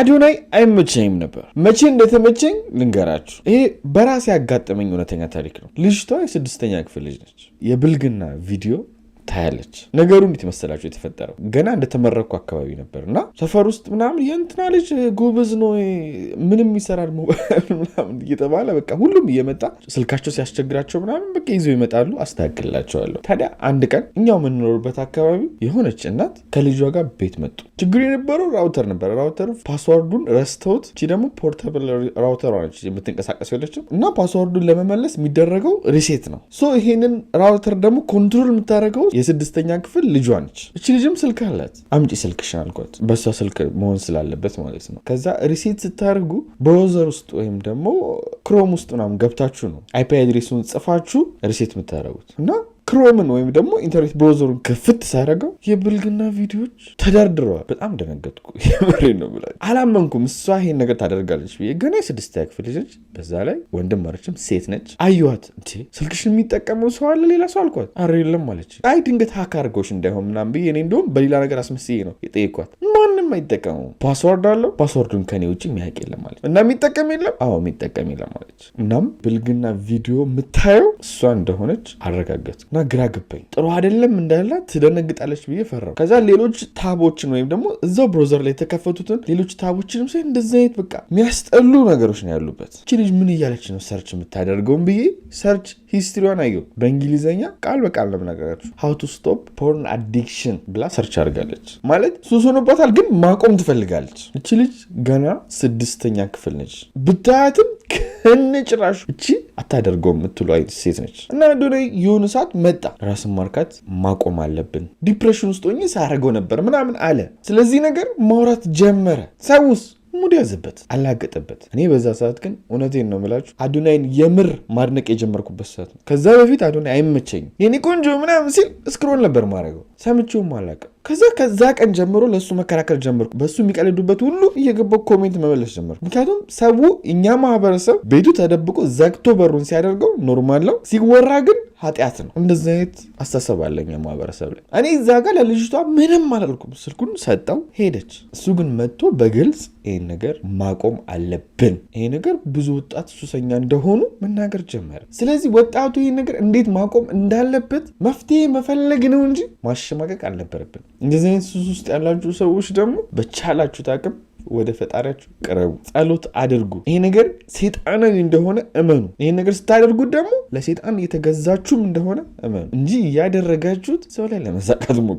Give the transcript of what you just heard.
አዶናይ አይመቸኝም ነበር። መቼ እንደተመቸኝ ልንገራችሁ። ይሄ በራሴ ያጋጠመኝ እውነተኛ ታሪክ ነው። ልጅቷ የስድስተኛ ክፍል ልጅ ነች። የብልግና ቪዲዮ ታያለች። ነገሩ እንዴት መሰላቸው የተፈጠረው? ገና እንደተመረኩ አካባቢ ነበር እና ሰፈር ውስጥ ምናምን የእንትና ልጅ ጎበዝ ነው ምንም ይሰራል ሞባይል ምናምን እየተባለ በቃ ሁሉም እየመጣ ስልካቸው ሲያስቸግራቸው ምናምን በቃ ይዘው ይመጣሉ። አስተካክልላቸዋለሁ። ታዲያ አንድ ቀን እኛው የምንኖርበት አካባቢ የሆነች እናት ከልጇ ጋር ቤት መጡ። ችግሩ የነበረው ራውተር ነበር። ራውተር ፓስዋርዱን ረስተውት፣ እቺ ደግሞ ፖርታብል ራውተር ነች የምትንቀሳቀስ የለችም እና ፓስዋርዱን ለመመለስ የሚደረገው ሪሴት ነው። ሶ ይሄንን ራውተር ደግሞ ኮንትሮል የምታደርገው የስድስተኛ ክፍል ልጇ ነች። እች ልጅም ስልክ አላት። አምጪ ስልክሽን አልኳት። በእሷ ስልክ መሆን ስላለበት ማለት ነው። ከዛ ሪሲት ስታደርጉ በወዘር ውስጥ ወይም ደግሞ ክሮም ውስጥ ምናምን ገብታችሁ ነው አይፒ አድሬሱን ጽፋችሁ ሪሴት የምታደርጉት እና ክሮምን ወይም ደግሞ ኢንተርኔት ብሮዘሩን ክፍት ሳያደርገው የብልግና ቪዲዮዎች ተደርድረዋል። በጣም ደነገጥኩ። የምሬ ነው ብላ አላመንኩም። እሷ ይሄን ነገር ታደርጋለች ብዬ ገና የስድስተኛ ክፍል ልጅ በዛ ላይ ወንድም አለችም ሴት ነች። አየኋት። እ ስልክሽን የሚጠቀመው ሰው አለ ሌላ ሰው አልኳት። አረ የለም አለች። አይ ድንገት ሀክ አድርገውሽ እንዳይሆን ምናምን ብዬ እኔ እንዲሁም በሌላ ነገር አስመስዬ ነው የጠየኳት። ማንም አይጠቀመውም። ፓስዋርድ አለው። ፓስዋርዱን ከኔ ውጭ የሚያውቅ የለም አለች። እና የሚጠቀም የለም አዎ የሚጠቀም የለም አለች። እናም ብልግና ቪዲዮ የምታየው እሷ እንደሆነች አረጋገጥኩ። ግራ ገባኝ። ጥሩ አይደለም እንዳላ ትደነግጣለች ብዬ ፈራው። ከዛ ሌሎች ታቦችን ወይም ደግሞ እዛው ብሮዘር ላይ የተከፈቱትን ሌሎች ታቦችንም ሳይ እንደዚ አይነት በቃ የሚያስጠሉ ነገሮች ነው ያሉበት። እቺ ልጅ ምን እያለች ነው ሰርች የምታደርገውን ብዬ ሰርች ሂስትሪዋን አየው። በእንግሊዝኛ ቃል በቃል ለምነገራችሁ ሀው ቱ ስቶፕ ፖርን አዲክሽን ብላ ሰርች አድርጋለች። ማለት ሱስ ሆኖባታል፣ ግን ማቆም ትፈልጋለች። እቺ ልጅ ገና ስድስተኛ ክፍል ነች። ብታያትም ከነጭራሹ እቺ አታደርገው የምትሉ አይነት ሴት ነች። እና ዶ የሆነ ሰዓት መጣ፣ ራስን ማርካት ማቆም አለብን፣ ዲፕሬሽን ውስጥ ሆኜ ሳያደርገው ነበር ምናምን አለ። ስለዚህ ነገር ማውራት ጀመረ። ሰውስ ሙድ ያዘበት፣ አላገጠበት። እኔ በዛ ሰዓት ግን እውነቴን ነው የምላችሁ አዶናይን የምር ማድነቅ የጀመርኩበት ሰዓት ነው። ከዛ በፊት አዶናይ አይመቸኝም የኔ ቆንጆ ምናምን ሲል እስክሮን ነበር ማድረገው፣ ሰምቼውም አላውቅም ከዛ ከዛ ቀን ጀምሮ ለእሱ መከራከር ጀመርኩ። በእሱ የሚቀልዱበት ሁሉ እየገባው ኮሜንት መመለስ ጀመርኩ። ምክንያቱም ሰው እኛ ማህበረሰብ ቤቱ ተደብቆ ዘግቶ በሩን ሲያደርገው ኖርማል ነው፣ ሲወራ ግን ኃጢአት ነው። እንደዚህ አይነት አስተሳሰብ አለ እኛ ማህበረሰብ ላይ። እኔ እዛ ጋር ለልጅቷ ምንም አላልኩም፣ ስልኩን ሰጠው፣ ሄደች። እሱ ግን መጥቶ በግልጽ ይህን ነገር ማቆም አለብን፣ ይሄ ነገር ብዙ ወጣት ሱሰኛ እንደሆኑ መናገር ጀመረ። ስለዚህ ወጣቱ ይሄን ነገር እንዴት ማቆም እንዳለበት መፍትሄ መፈለግ ነው እንጂ ማሸማቀቅ አልነበረብን። እንደዚህ አይነት ሱስ ውስጥ ያላችሁ ሰዎች ደግሞ በቻላችሁት አቅም ወደ ፈጣሪያችሁ ቅረቡ፣ ጸሎት አድርጉ። ይሄ ነገር ሴጣንን እንደሆነ እመኑ። ይሄ ነገር ስታደርጉት ደግሞ ለሴጣን እየተገዛችሁም እንደሆነ እመኑ እንጂ እያደረጋችሁት ሰው ላይ ለመሳቃት